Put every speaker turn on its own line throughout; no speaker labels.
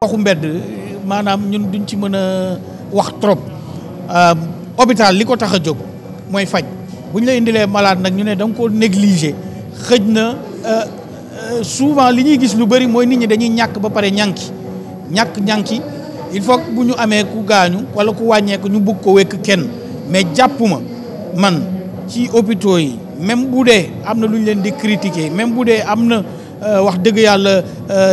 waxu mbedd maanaam ñun duñ ci mën a wax trop euh, hôpital li ko tax a jóg mooy faj bu ñu la indilee malade nag ñu ne da nga koo xëj na euh, euh, souvent li ñuy gis lu bëri mooy nit ñi dañuy ñàkk ba pare ñànki ñàkk ñànki il faut bu ñu amee ku gaañu wala ku wàññeeku ñu bugg ko wékk kenn mais jàppuma man ci hôpitaux yi même bu dee am na lu ñu leen di critiquer même bu dee am na wax dëgg yàlla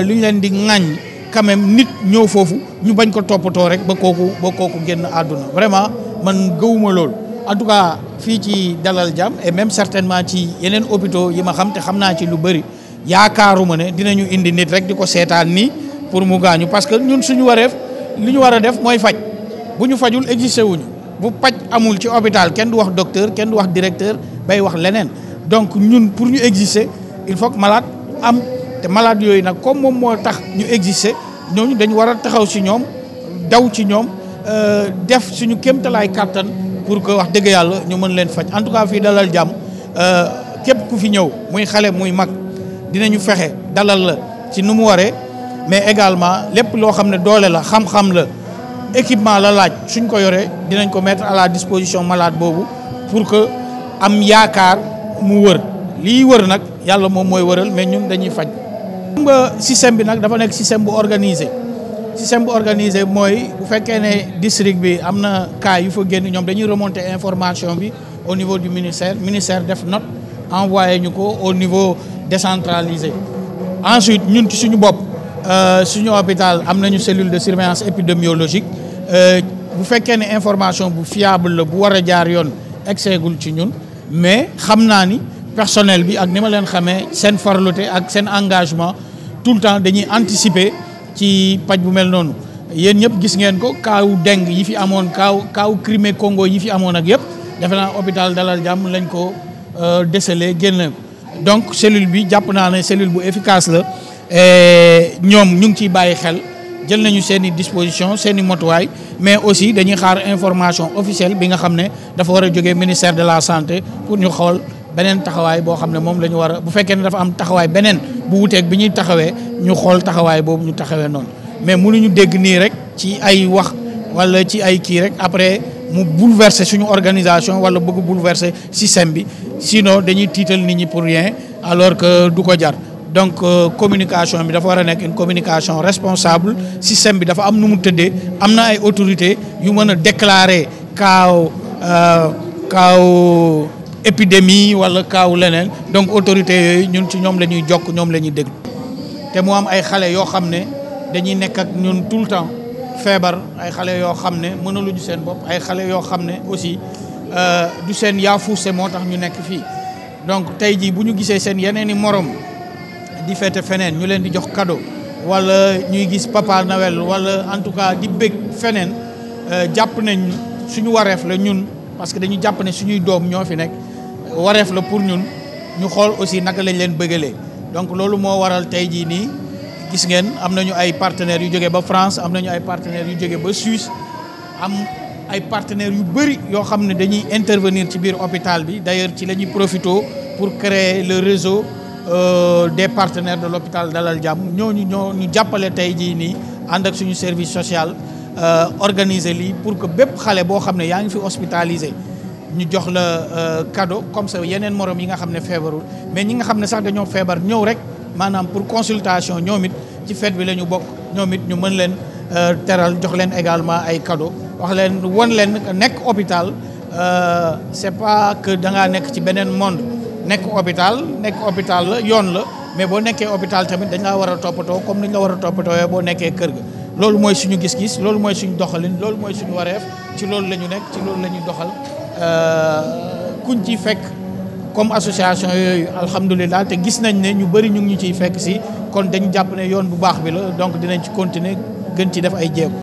lu ñu leen di ŋàññ quand nit ñëw foofu ñu bañ ko toppatoo rek ba kooku ba kooku génn àdduna vraiment man gëwuma lool en tout cas fii ci Dalal Jàmm et même certainement ci yeneen hôpitaux yi ma xam te xam naa ci lu bëri yaakaaruma ne dinañu indi nit rek di ko seetaan nii pour mu gaañu parce que ñun suñu wareef li ñu war a def mooy faj bu ñu fajul existé wuñu bu paj amul ci hôpital kenn du wax docteur kenn du wax directeur bay wax leneen donc ñun pour ñu exister il faut malaat am te malade yooyu nag comme moom moo tax ñu exister ñooñu dañu war a taxaw si ñoom daw ci ñoom euh, def suñu kéemtalaay kàttan pour que wax dëgg yàlla ñu mën leen faj en tout cas fii dalal jàmm euh, képp ku fi ñëw muy xale muy mag dinañu fexe dalal la ci nu mu waree mais également lépp loo xam ne doole la xam-xam la équipement la laaj suñ ko yoree dinañ ko mettre à la disposition malade boobu pour que am yaakaar mu wër lii wër nag yàlla moom mooy wëral mais ñun dañuy faj xam nga système bi nag dafa nekk système bu organisé système bu organisé mooy bu fekkee ne district bi am na cas yu fa génn ñoom dañuy remonter information bi au niveau du ministère ministère def note envoyé ñu ko au niveau décentralisé ensuite ñun ci suñu bopp euh, suñu hôpital am nañu cellule de surveillance épidémiologique euh, bu fekkee ne information bu fiable la bu war a jaar yoon egseegul ci ñun mais xam naa ni personnel bi ak ni ma leen xamee seen farlute ak seen engagement tout le temps dañuy anticiper ci paj bu mel noonu yéen ñëpp gis ngeen ko kaaw deng yi fi amoon kaaw kaaw Crimée Congo yi fi amoon ak yëpp defe naa hôpital Dalal Jàmm lañ ko euh, décelé génne donc cellule bi jàpp naa ne cellule bu efficace la ñoom ñu ngi ciy bàyyi xel jël nañu seen i disposition seen i motuwaay mais aussi dañuy xaar information officielle bi nga xam ne dafa war a jógee ministère de la santé beneen taxawaay boo xam ne moom la ñu war bu fekkee ne dafa am taxawaay beneen bu wuteeg bi ñuy taxawee ñu xool taxawaay boobu ñu taxawee noonu mais ñu dégg nii rek ci ay wax wala ci ay kii rek après mu bouleverser suñu organisation wala bëgg bouleverser système bi sinon dañuy tiital nit ñi pour rien alors que du ko jar donc euh, communication bi dafa war a nekk une communication responsable système bi dafa am nu mu tëddee am na ay autorité yu mën a déclarer kaaw euh, kaaw épidémie wala kaaw leneen donc autorité yooyu ñun ci ñoom la ñuy jokk ñoom la ñuy déglu te mu am ay xale yoo xam ne dañuy nekk ak ñun tout le temps feebar ay xale yoo xam ne mënaluñu seen bopp ay xale yoo xam ne aussi euh, du seen yaa yaafuuse moo tax ñu nekk fii donc tey jii bu ñu gisee seen yeneen i morom di fete feneen ñu leen di jox cadeau wala ñuy gis papa Noël wala en tout cas di bég feneen euh, jàpp nañ suñu wareef la ñun parce que dañu jàpp ne suñuy doom ñoo fi nekk wareef la pour ñun ñu xool aussi naka lañ leen bëggalee donc loolu moo waral tey jii nii gis ngeen am nañu ay partenaires yu jóge ba France am nañu ay partenaires yu jógee ba Suisse am ay partenaires yu bëri yoo xam ne dañuy intervenir ci biir hôpital bi d'ailleurs ci la ñuy profito pour créer le réseau euh, des partenaires de l'hôpital Dalal Jàmm ñooñu ñoo ñu jàppale tey jii nii ànd ak suñu service social euh, organiser lii pour que bépp xale boo xam ne yaa ngi fi hospitalisé ñu jox la euh, cadeau comme ça yeneen morom yi nga xam ne feebarul mais ñi nga xam ne sax dañoo feebar ñëw rek maanaam pour consultation ñoom ci fête bi la ñu bokk ñoom it ñu mën leen euh, teral jox leen également ay cadeau wax leen won leen nekk hôpital euh, c'est pas que da ngaa nekk ci beneen monde nekk hôpital nekk hôpital la yoon la mais boo nekkee hôpital tamit dañ laa war a toppatoo comme ni nga war a toppatoo boo nekkee kër ga loolu mooy suñu gis-gis loolu mooy suñu doxalin loolu mooy suñu wareef ci loolu la ñu nekk ci loolu la ñuy doxal Euh, kuñ ciy fekk comme association yooyu alhamdulilah te gis nañ ne ñu bëri ñu ngi ñu ciy fekk si kon dañu jàpp ne yoon bu baax bi la donc dinañ ci continuer gën ci def ay jéego.